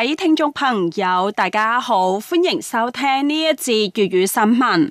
喺，聽眾朋友，大家好，歡迎收聽呢一節粵語新聞。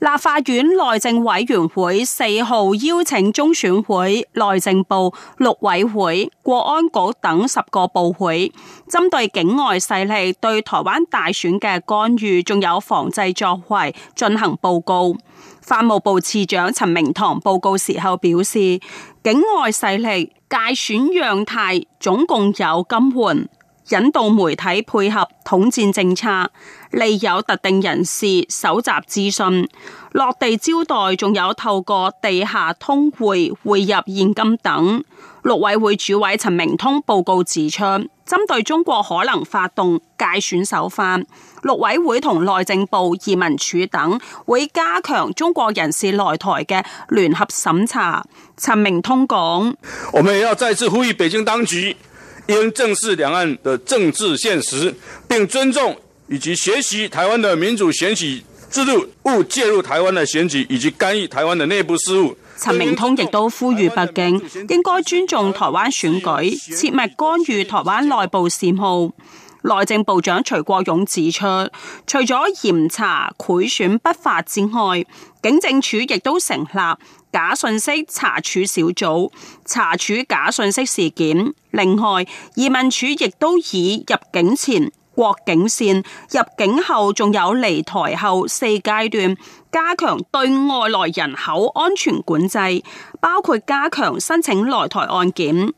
立法院內政委員會四號邀請中選會、內政部、陸委會、國安局等十個部會，針對境外勢力對台灣大選嘅干預，仲有防制作為進行報告。法務部次長陳明堂報告時候表示，境外勢力介選樣態總共有金援。引導媒體配合統戰政策，利有特定人士搜集資訊、落地招待，仲有透過地下通匯匯入現金等。陸委會主委陳明通報告指出，針對中國可能發動介選手法，陸委會同內政部、移民署等會加強中國人士來台嘅聯合審查。陳明通講：我們要再次呼籲北京當局，應正視兩岸的政治現實，並尊重以及學習台灣的民主選舉制度，勿介入台灣的選舉以及干預台灣的內部事務。陳明通亦都呼籲北京應該尊重台灣選舉，切勿干預台灣內部事務。內政部長徐國勇指出，除咗嚴查賄選不法之外，警政署亦都成立假信息查處小組，查處假信息事件。另外，移民署亦都以入境前、國境線、入境後，仲有離台後四階段，加強對外來人口安全管制，包括加強申請來台案件。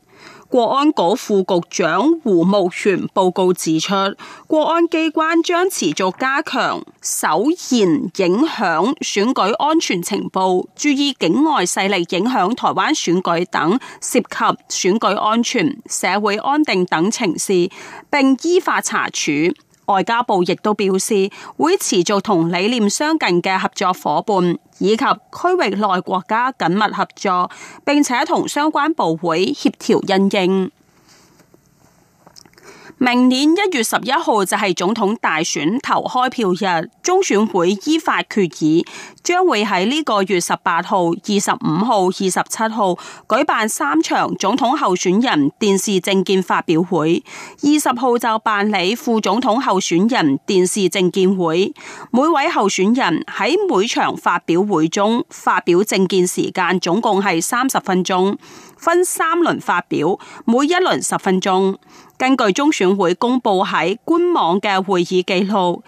國安局副局長胡慕權報告指出，國安機關將持續加強搜研影響選舉安全情報，注意境外勢力影響台灣選舉等涉及選舉安全、社會安定等情事，並依法查處。外交部亦都表示，會持續同理念相近嘅合作伙伴以及區域內國家緊密合作，並且同相關部會協調因應。明年一月十一號就係總統大選投開票日，中選會依法決議，將會喺呢個月十八號、二十五號、二十七號舉辦三場總統候選人電視政見發表會，二十號就辦理副總統候選人電視政見會。每位候選人喺每場發表會中發表政見時間總共係三十分鐘，分三輪發表，每一輪十分鐘。根據中選會公布喺官網嘅會議記錄，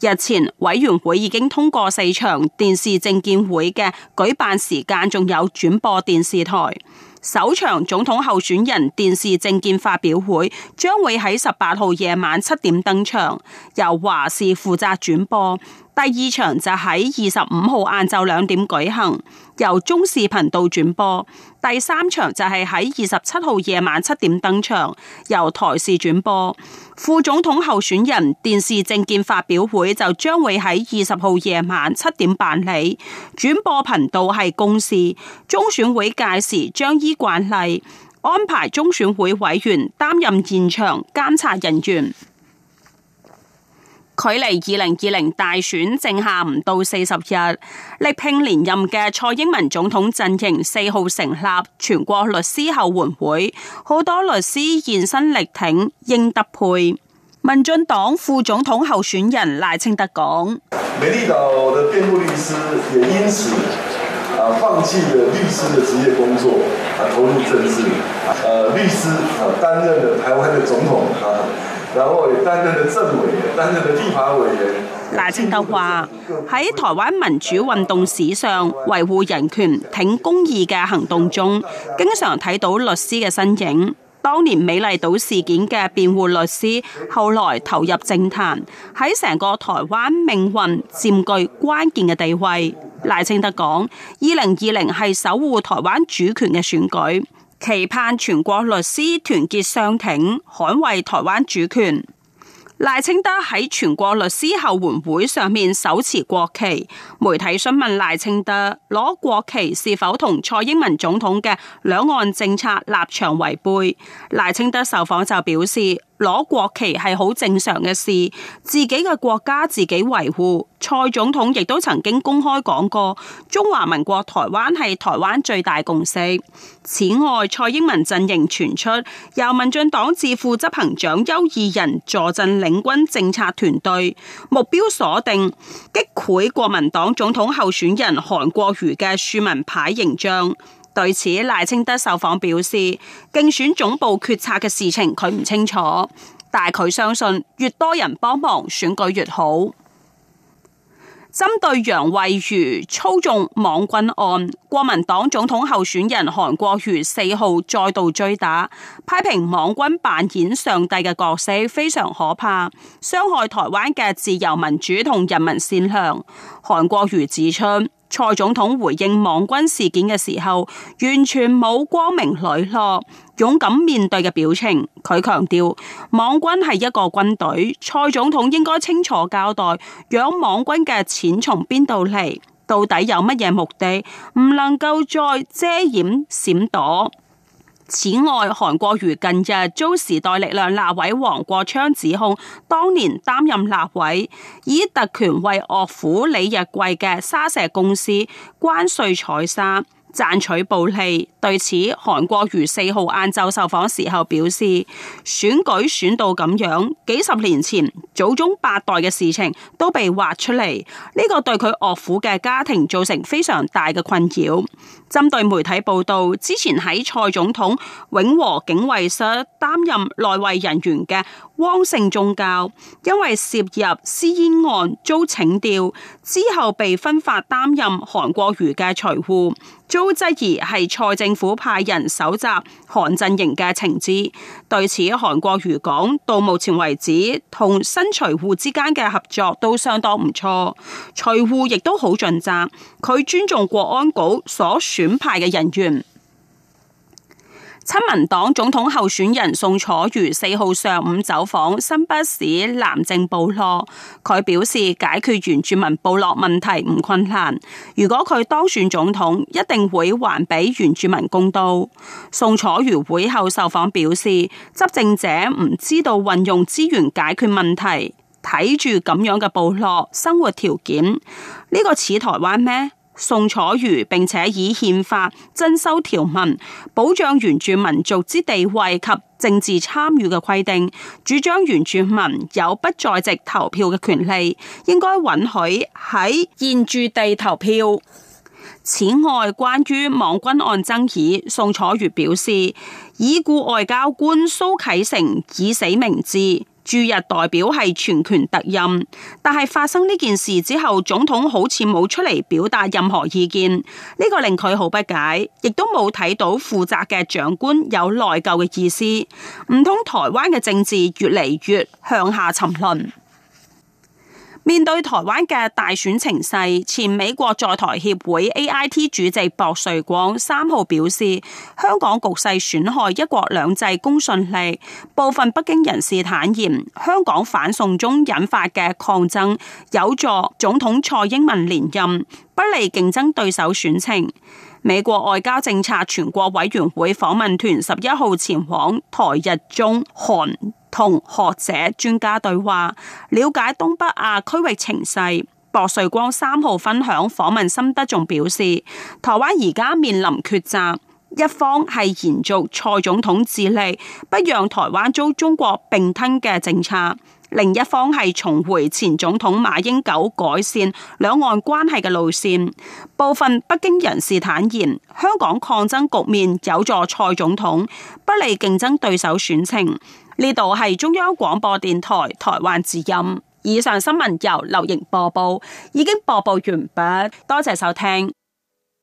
日前委員會已經通過四場電視政見會嘅舉辦時間，仲有轉播電視台。首場總統候選人電視政見發表會將會喺十八號夜晚七點登場，由華視負責轉播。第二場就喺二十五號晏晝兩點舉行，由中視頻道轉播；第三場就係喺二十七號夜晚七點登場，由台視轉播。副總統候選人電視政見發表會就將會喺二十號夜晚七點辦理，轉播頻道係公視。中選會屆時將依慣例安排中選會委員擔任現場監察人員。距離二零二零大選剩下唔到四十日，力拼連任嘅蔡英文總統陣營四號成立全國律師後援會，好多律師現身力挺英德配。民進黨副總統候選人賴清德講：美麗島的辯護律師也因此啊，放棄了律師的職業工作，啊，投入政治。呃，律師啊，擔任了台灣的總統啊。然後擔任政委，擔任了立法委員。賴清德話：喺台灣民主運動史上，維護人權、挺公義嘅行動中，經常睇到律師嘅身影。當年美麗島事件嘅辯護律師，後來投入政壇，喺成個台灣命運占據關鍵嘅地位。賴清德講：二零二零係守護台灣主權嘅選舉。期盼全國律師團結相挺，捍衛台灣主權。賴清德喺全國律師後援會上面手持國旗，媒體詢問賴清德攞國旗是否同蔡英文總統嘅兩岸政策立場違背。賴清德受訪就表示。攞國旗係好正常嘅事，自己嘅國家自己維護。蔡總統亦都曾經公開講過，中華民國台灣係台灣最大共識。此外，蔡英文陣營傳出由民進黨自負執行長邱義仁坐鎮領軍政策團隊，目標鎖定擊潰國民黨總統候選人韓國瑜嘅庶民牌形象。對此，賴清德受訪表示，競選總部決策嘅事情佢唔清楚，但佢相信越多人幫忙，選舉越好。針對楊慧如操縱網軍案，國民黨總統候選人韓國瑜四號再度追打，批評網軍扮演上帝嘅角色非常可怕，傷害台灣嘅自由民主同人民善良。韓國瑜指出，蔡總統回應網軍事件嘅時候，完全冇光明磊落、勇敢面對嘅表情。佢強調，網軍係一個軍隊，蔡總統應該清楚交代，養網軍嘅錢從邊度嚟，到底有乜嘢目的，唔能夠再遮掩閃躲。此外，韓國瑜近日遭時代力量立委黃國昌指控，當年擔任立委以特權為岳父李日貴嘅沙石公司關稅採砂。賺取暴利，對此韓國瑜四號晏晝受訪時候表示：選舉選到咁樣，幾十年前祖宗八代嘅事情都被挖出嚟，呢、這個對佢岳父嘅家庭造成非常大嘅困擾。針對媒體報道，之前喺蔡總統永和警衛室擔任內衛人員嘅汪姓宗教，因為涉入私煙案遭請調，之後被分發擔任韓國瑜嘅財戶。遭質疑係蔡政府派人搜集韓陣營嘅情資。對此，韓國瑜講到目前為止同新隨扈之間嘅合作都相當唔錯，隨扈亦都好盡責。佢尊重國安局所選派嘅人員。親民黨總統候選人宋楚瑜四號上午走訪新北市南靖部落，佢表示解決原住民部落問題唔困難，如果佢當選總統，一定會還俾原住民公道。宋楚瑜會後受訪表示，執政者唔知道運用資源解決問題，睇住咁樣嘅部落生活條件，呢、這個似台灣咩？宋楚瑜並且以憲法增修條文保障原住民族之地位及政治參與嘅規定，主張原住民有不在籍投票嘅權利，應該允許喺現住地投票。此外，關於網軍案爭議，宋楚瑜表示，已故外交官蘇啟成以死明志。駐日代表係全權特任，但係發生呢件事之後，總統好似冇出嚟表達任何意見，呢個令佢好不解，亦都冇睇到負責嘅長官有內疚嘅意思，唔通台灣嘅政治越嚟越向下沉淪？面對台灣嘅大選情勢，前美國在台協會 AIT 主席薄瑞光三號表示，香港局勢損害一國兩制公信力。部分北京人士坦言，香港反送中引發嘅抗爭有助總統蔡英文連任，不利競爭對手選情。美國外交政策全國委員會訪問團十一號前往台日中韓。同學者專家對話，了解東北亞區域情勢。薄瑞光三號分享訪問心得，仲表示台灣而家面臨抉擇，一方係延續蔡總統治理，不讓台灣遭中國併吞嘅政策；另一方係重回前總統馬英九改善兩岸關係嘅路線。部分北京人士坦言，香港抗爭局面有助蔡總統，不利競爭對手選情。呢度係中央廣播電台台灣之音，以上新聞由劉瑩播報，已經播報完畢，多謝收聽。